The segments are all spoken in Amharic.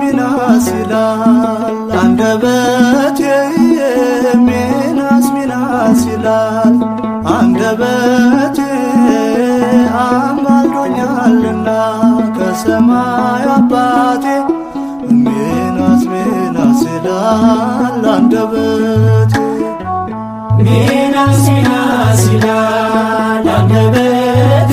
ሚናስ ይላል አንደበቴ ሚናስ ሚናስ ይላል አንደበቴ አማልዶኛልና ከሰማዩ አባቴ ሚናስ ሚናስ ይላል አንደበቴ ይላል አንደበቴ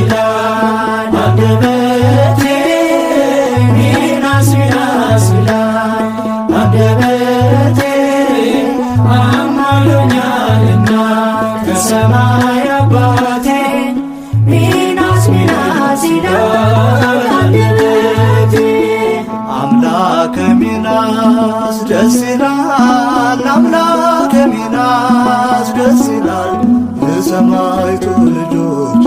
አማሉኛልና ከሰማይ አባቴ ሚናስ ሚናስ አምላከ ሚናስ ደስ ይላል አምላከ ሚናስ ደስ ይላል የሰማይቱ ልጆች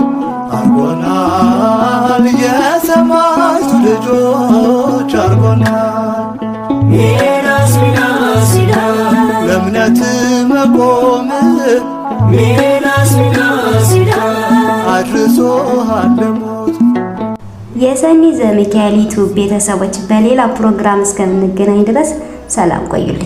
አርጎናል የሰማይቱ ልጆች አርጎናል ሚናስ ሚናስ ለእምነት መቆም ሚናስ ሚናስ ቤተሰቦች በሌላ ፕሮግራም እስከምንገናኝ ድረስ ሰላም ቆዩልኝ።